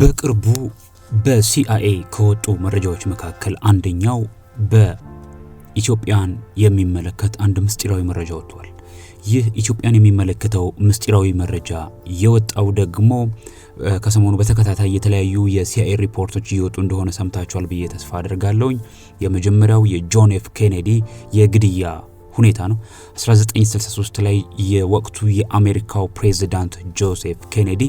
በቅርቡ በሲአይኤ ከወጡ መረጃዎች መካከል አንደኛው በኢትዮጵያን የሚመለከት አንድ ምስጢራዊ መረጃ ወጥቷል። ይህ ኢትዮጵያን የሚመለከተው ምስጢራዊ መረጃ የወጣው ደግሞ ከሰሞኑ በተከታታይ የተለያዩ የሲአይኤ ሪፖርቶች እየወጡ እንደሆነ ሰምታችኋል ብዬ ተስፋ አድርጋለሁኝ። የመጀመሪያው የጆን ኤፍ ኬኔዲ የግድያ ሁኔታ ነው። 1963 ላይ የወቅቱ የአሜሪካው ፕሬዚዳንት ጆሴፍ ኬኔዲ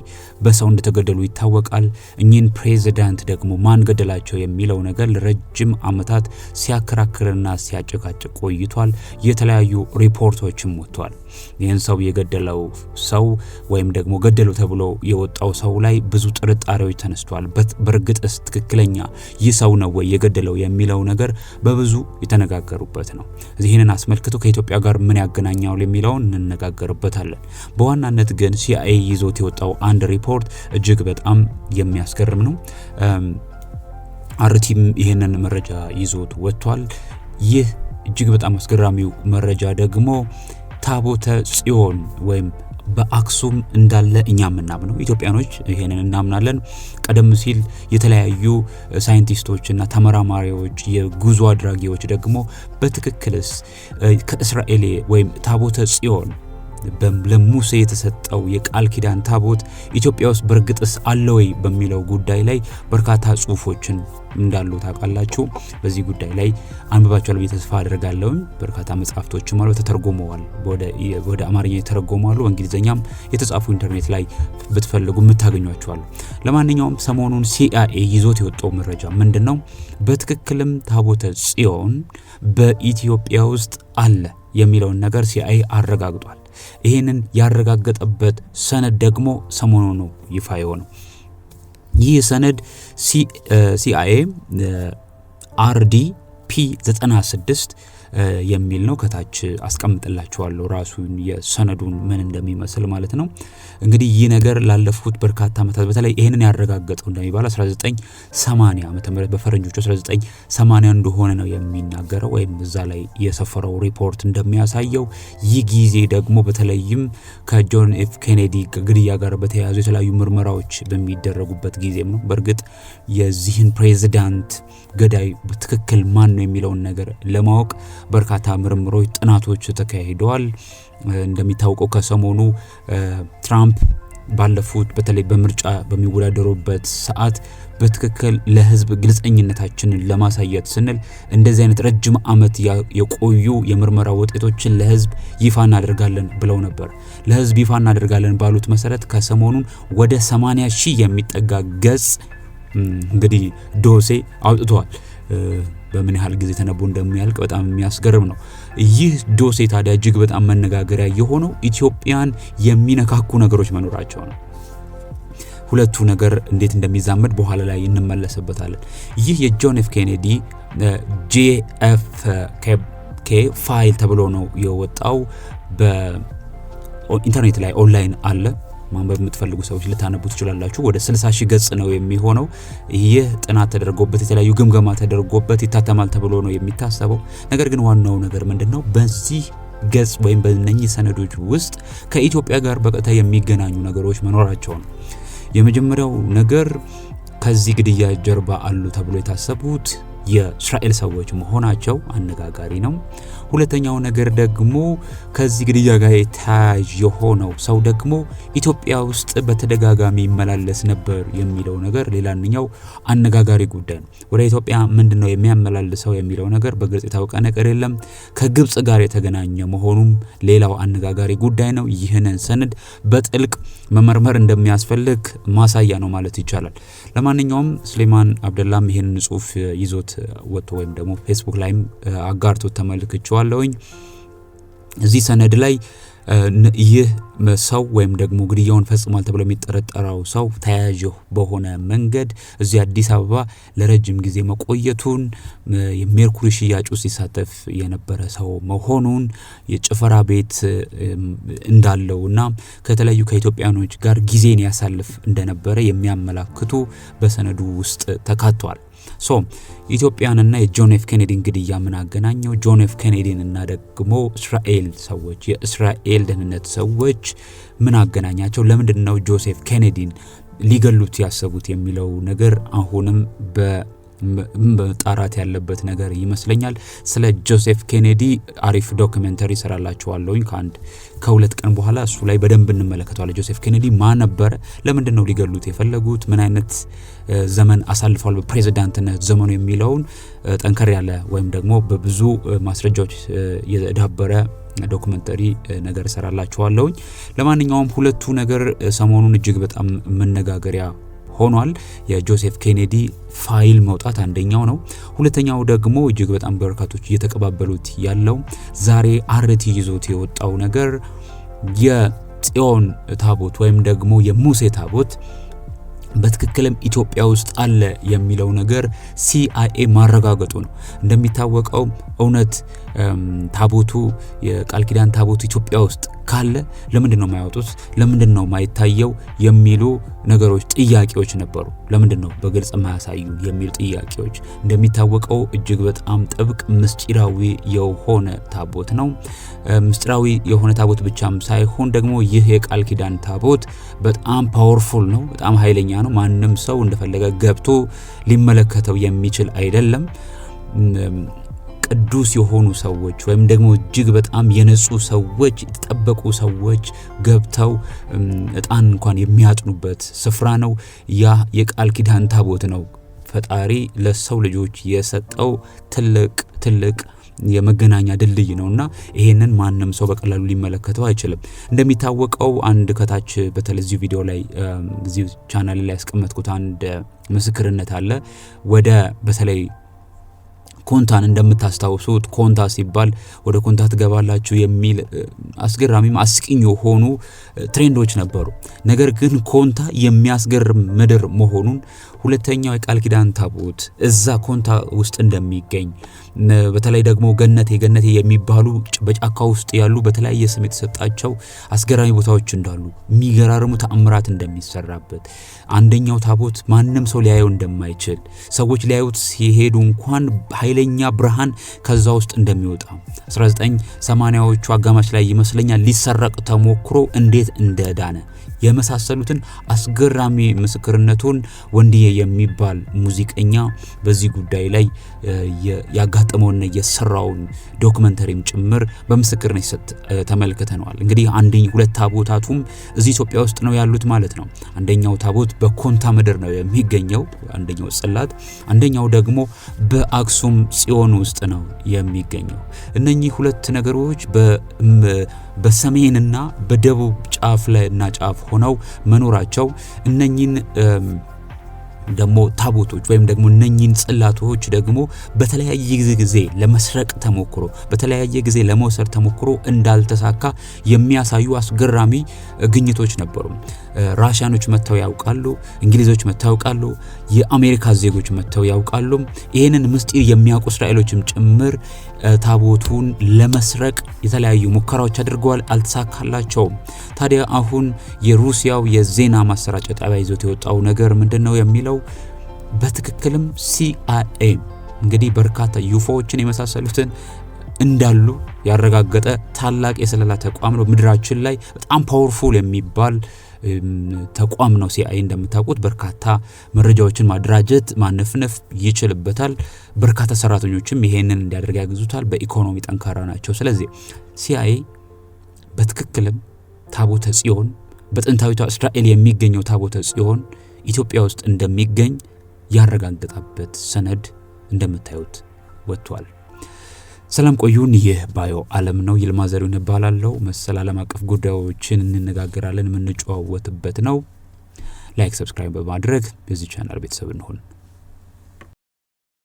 በሰው እንደተገደሉ ይታወቃል። እኚህን ፕሬዚዳንት ደግሞ ማን ገደላቸው የሚለው ነገር ለረጅም ዓመታት ሲያከራክርና ሲያጨቃጭቅ ቆይቷል። የተለያዩ ሪፖርቶችም ወጥቷል። ይህን ሰው የገደለው ሰው ወይም ደግሞ ገደሉ ተብሎ የወጣው ሰው ላይ ብዙ ጥርጣሬዎች ተነስቷል። በእርግጥስ ትክክለኛ ይህ ሰው ነው ወይ የገደለው የሚለው ነገር በብዙ የተነጋገሩበት ነው። ይህንን አስመልክ ምልክቱ ከኢትዮጵያ ጋር ምን ያገናኛል የሚለውን እንነጋገርበታለን። በዋናነት ግን ሲአይኤ ይዞት የወጣው አንድ ሪፖርት እጅግ በጣም የሚያስገርም ነው። አርቲም ይህንን መረጃ ይዞት ወጥቷል። ይህ እጅግ በጣም አስገራሚው መረጃ ደግሞ ታቦተ ጽዮን ወይም በአክሱም እንዳለ እኛ የምናምነው ኢትዮጵያኖች ይሄንን እናምናለን። ቀደም ሲል የተለያዩ ሳይንቲስቶችና ተመራማሪዎች የጉዞ አድራጊዎች ደግሞ በትክክልስ ከእስራኤል ወይም ታቦተ ጽዮን ለሙሴ የተሰጠው የቃል ኪዳን ታቦት ኢትዮጵያ ውስጥ በእርግጥስ አለ ወይ በሚለው ጉዳይ ላይ በርካታ ጽሁፎችን እንዳሉ ታውቃላችሁ። በዚህ ጉዳይ ላይ አንብባችኋል ብዬ ተስፋ አድርጋለሁ። በርካታ መጽሐፍቶችም አሉ፣ ተተርጎመዋል፣ ወደ አማርኛ የተረጎማሉ። በእንግሊዝኛም የተጻፉ ኢንተርኔት ላይ ብትፈልጉ የምታገኟቸዋሉ። ለማንኛውም ሰሞኑን ሲአይኤ ይዞት የወጣው መረጃ ምንድን ነው? በትክክልም ታቦተ ጽዮን በኢትዮጵያ ውስጥ አለ የሚለውን ነገር ሲአይኤ አረጋግጧል። ይህንን ያረጋገጠበት ሰነድ ደግሞ ሰሞኑን ነው ይፋ የሆነው። ይህ ሰነድ ሲአይኤ አርዲ ፒ 96 የሚል ነው። ከታች አስቀምጥላችኋለሁ ራሱን የሰነዱን ምን እንደሚመስል ማለት ነው። እንግዲህ ይህ ነገር ላለፉት በርካታ ዓመታት በተለይ ይህንን ያረጋገጠው እንደሚባለው 1980 ዓመተ ምህረት በፈረንጆቹ 1980 እንደሆነ ነው የሚናገረው ወይም እዛ ላይ የሰፈረው ሪፖርት እንደሚያሳየው። ይህ ጊዜ ደግሞ በተለይም ከጆን ኤፍ ኬኔዲ ግድያ ጋር በተያያዙ የተለያዩ ምርመራዎች በሚደረጉበት ጊዜም ነው። በእርግጥ የዚህን ፕሬዚዳንት ገዳይ ትክክል ማን ነው የሚለውን ነገር ለማወቅ በርካታ ምርምሮች፣ ጥናቶች ተካሂደዋል። እንደሚታወቀው ከሰሞኑ ትራምፕ ባለፉት በተለይ በምርጫ በሚወዳደሩበት ሰዓት በትክክል ለህዝብ ግልጸኝነታችንን ለማሳየት ስንል እንደዚህ አይነት ረጅም ዓመት የቆዩ የምርመራ ውጤቶችን ለህዝብ ይፋ እናደርጋለን ብለው ነበር። ለህዝብ ይፋ እናደርጋለን ባሉት መሰረት ከሰሞኑን ወደ 80 ሺህ የሚጠጋ ገጽ እንግዲህ ዶሴ አውጥተዋል። በምን ያህል ጊዜ ተነቦ እንደሚያልቅ በጣም የሚያስገርም ነው። ይህ ዶሴ ታዲያ እጅግ በጣም መነጋገሪያ የሆነው ኢትዮጵያን የሚነካኩ ነገሮች መኖራቸው ነው። ሁለቱ ነገር እንዴት እንደሚዛመድ በኋላ ላይ እንመለስበታለን። ይህ የጆን ኤፍ ኬኔዲ ጄኤፍኬ ፋይል ተብሎ ነው የወጣው። በኢንተርኔት ላይ ኦንላይን አለ። ማንበብ የምትፈልጉ ሰዎች ልታነቡ ትችላላችሁ። ወደ 60 ሺህ ገጽ ነው የሚሆነው። ይህ ጥናት ተደርጎበት የተለያዩ ግምገማ ተደርጎበት ይታተማል ተብሎ ነው የሚታሰበው። ነገር ግን ዋናው ነገር ምንድን ነው በዚህ ገጽ ወይም በነኚህ ሰነዶች ውስጥ ከኢትዮጵያ ጋር በቀጥታ የሚገናኙ ነገሮች መኖራቸው ነው። የመጀመሪያው ነገር ከዚህ ግድያ ጀርባ አሉ ተብሎ የታሰቡት የእስራኤል ሰዎች መሆናቸው አነጋጋሪ ነው። ሁለተኛው ነገር ደግሞ ከዚህ ግድያ ጋር የተያያዥ የሆነው ሰው ደግሞ ኢትዮጵያ ውስጥ በተደጋጋሚ ይመላለስ ነበር የሚለው ነገር ሌላኛው አነጋጋሪ ጉዳይ ነው። ወደ ኢትዮጵያ ምንድን ነው የሚያመላልሰው የሚለው ነገር በግልጽ የታወቀ ነገር የለም። ከግብጽ ጋር የተገናኘ መሆኑም ሌላው አነጋጋሪ ጉዳይ ነው። ይህንን ሰነድ በጥልቅ መመርመር እንደሚያስፈልግ ማሳያ ነው ማለት ይቻላል። ለማንኛውም ስሌማን አብደላም ይህንን ጽሁፍ ይዞት ወጥቶ ወይም ደግሞ ፌስቡክ ላይም አጋርቶ ተመልክቼዋለሁኝ። እዚህ ሰነድ ላይ ይህ ሰው ወይም ደግሞ ግድያውን ፈጽሟል ተብሎ የሚጠረጠረው ሰው ተያዥ በሆነ መንገድ እዚህ አዲስ አበባ ለረጅም ጊዜ መቆየቱን፣ የሜርኩሪ ሽያጭ ውስጥ ሲሳተፍ የነበረ ሰው መሆኑን፣ የጭፈራ ቤት እንዳለው እና ከተለያዩ ከኢትዮጵያኖች ጋር ጊዜን ያሳልፍ እንደነበረ የሚያመላክቱ በሰነዱ ውስጥ ተካቷል። ሶ ኢትዮጵያንና የጆን ኤፍ ኬኔዲን ግድያ ምን አገናኘው? ጆን ኤፍ ኬኔዲን እና ደግሞ እስራኤል ሰዎች የእስራኤል ደህንነት ሰዎች ምን አገናኛቸው? ለምንድን ነው ጆሴፍ ኬኔዲን ሊገሉት ያሰቡት የሚለው ነገር አሁንም በ መጣራት ያለበት ነገር ይመስለኛል። ስለ ጆሴፍ ኬኔዲ አሪፍ ዶክመንተሪ ሰራላችኋለሁኝ ከአንድ ከሁለት ቀን በኋላ እሱ ላይ በደንብ እንመለከተዋለን። ጆሴፍ ኬኔዲ ማ ነበረ? ለምንድን ነው ሊገሉት የፈለጉት? ምን አይነት ዘመን አሳልፏል በፕሬዚዳንትነት ዘመኑ የሚለውን ጠንከር ያለ ወይም ደግሞ በብዙ ማስረጃዎች የዳበረ ዶክመንተሪ ነገር እሰራላችኋለሁኝ። ለማንኛውም ሁለቱ ነገር ሰሞኑን እጅግ በጣም መነጋገሪያ ሆኗል። የጆሴፍ ኬኔዲ ፋይል መውጣት አንደኛው ነው። ሁለተኛው ደግሞ እጅግ በጣም በርካቶች እየተቀባበሉት ያለው ዛሬ አርቲ ይዞት የወጣው ነገር የጽዮን ታቦት ወይም ደግሞ የሙሴ ታቦት በትክክልም ኢትዮጵያ ውስጥ አለ የሚለው ነገር ሲአይኤ ማረጋገጡ ነው። እንደሚታወቀው እውነት ታቦቱ የቃል ኪዳን ታቦቱ ኢትዮጵያ ውስጥ ካለ ለምንድን ነው የማያወጡት? ለምንድን ነው የማይታየው? የሚሉ ነገሮች ጥያቄዎች ነበሩ። ለምንድን ነው በግልጽ የማያሳዩ የሚሉ ጥያቄዎች። እንደሚታወቀው እጅግ በጣም ጥብቅ ምስጢራዊ የሆነ ታቦት ነው። ምስጢራዊ የሆነ ታቦት ብቻም ሳይሆን ደግሞ ይህ የቃል ኪዳን ታቦት በጣም ፓወርፉል ነው፣ በጣም ኃይለኛ ነው። ማንም ሰው እንደፈለገ ገብቶ ሊመለከተው የሚችል አይደለም። ቅዱስ የሆኑ ሰዎች ወይም ደግሞ እጅግ በጣም የነጹ ሰዎች የተጠበቁ ሰዎች ገብተው እጣን እንኳን የሚያጥኑበት ስፍራ ነው። ያ የቃል ኪዳን ታቦት ነው። ፈጣሪ ለሰው ልጆች የሰጠው ትልቅ ትልቅ የመገናኛ ድልድይ ነው እና ይሄንን ማንም ሰው በቀላሉ ሊመለከተው አይችልም። እንደሚታወቀው አንድ ከታች በተለይ እዚሁ ቪዲዮ ላይ እዚሁ ቻናል ላይ ያስቀመጥኩት አንድ ምስክርነት አለ። ወደ በተለይ ኮንታን እንደምታስታውሱት ኮንታ ሲባል ወደ ኮንታ ትገባላችሁ የሚል አስገራሚም አስቂኝ የሆኑ ትሬንዶች ነበሩ። ነገር ግን ኮንታ የሚያስገርም ምድር መሆኑን ሁለተኛው የቃል ኪዳን ታቦት እዛ ኮንታ ውስጥ እንደሚገኝ በተለይ ደግሞ ገነቴ ገነቴ የሚባሉ በጫካ ውስጥ ያሉ በተለያየ ስም የተሰጣቸው አስገራሚ ቦታዎች እንዳሉ የሚገራርሙ ተአምራት እንደሚሰራበት አንደኛው ታቦት ማንም ሰው ሊያየው እንደማይችል ሰዎች ሊያዩት ሲሄዱ እንኳን ኃይለኛ ብርሃን ከዛ ውስጥ እንደሚወጣ 1980ዎቹ አጋማሽ ላይ ይመስለኛል ሊሰረቅ ተሞክሮ እንዴት እንደዳነ የመሳሰሉትን አስገራሚ ምስክርነቱን ወንድዬ የሚባል ሙዚቀኛ በዚህ ጉዳይ ላይ ያጋጠመውና የሰራውን ዶክመንተሪም ጭምር በምስክርነት ሲሰጥ ተመልክተነዋል። እንግዲህ አንደኝ ሁለት ታቦታቱም እዚህ ኢትዮጵያ ውስጥ ነው ያሉት ማለት ነው። አንደኛው ታቦት በኮንታ ምድር ነው የሚገኘው፣ አንደኛው ጽላት፣ አንደኛው ደግሞ በአክሱም ጽዮን ውስጥ ነው የሚገኘው። እነኚህ ሁለት ነገሮች በሰሜንና በደቡብ ጫፍ ላይ እና ጫፍ ሆነው መኖራቸው እነኚህን ደግሞ ታቦቶች ወይም ደግሞ እነኚህን ጽላቶች ደግሞ በተለያየ ጊዜ ለመስረቅ ተሞክሮ በተለያየ ጊዜ ለመውሰድ ተሞክሮ እንዳልተሳካ የሚያሳዩ አስገራሚ ግኝቶች ነበሩ። ራሽያኖች መጥተው ያውቃሉ፣ እንግሊዞች መጥተው ያውቃሉ፣ የአሜሪካ ዜጎች መጥተው ያውቃሉ። ይህንን ምስጢር የሚያውቁ እስራኤሎችም ጭምር ታቦቱን ለመስረቅ የተለያዩ ሙከራዎች አድርገዋል፣ አልተሳካላቸውም። ታዲያ አሁን የሩሲያው የዜና ማሰራጫ ጣቢያ ይዞት የወጣው ነገር ምንድን ነው የሚለው ያለው በትክክልም ሲአይኤ እንግዲህ በርካታ ዩፎዎችን የመሳሰሉትን እንዳሉ ያረጋገጠ ታላቅ የስለላ ተቋም ነው። ምድራችን ላይ በጣም ፓወርፉል የሚባል ተቋም ነው። ሲአይኤ እንደምታውቁት በርካታ መረጃዎችን ማደራጀት ማነፍነፍ ይችልበታል። በርካታ ሰራተኞችም ይሄንን እንዲያደርግ ያግዙታል። በኢኮኖሚ ጠንካራ ናቸው። ስለዚህ ሲአይኤ በትክክልም ታቦተ ጽዮን በጥንታዊቷ እስራኤል የሚገኘው ታቦተ ጽዮን ኢትዮጵያ ውስጥ እንደሚገኝ ያረጋገጠበት ሰነድ እንደምታዩት ወጥቷል። ሰላም ቆዩን። ይህ ባዮ ዓለም ነው። ይልማ ዘሪሁን እባላለሁ። መሰል ዓለም አቀፍ ጉዳዮችን እንነጋገራለን፣ የምንጨዋወትበት ነው። ላይክ፣ ሰብስክራይብ በማድረግ የዚህ ቻናል ቤተሰብ እንሆን።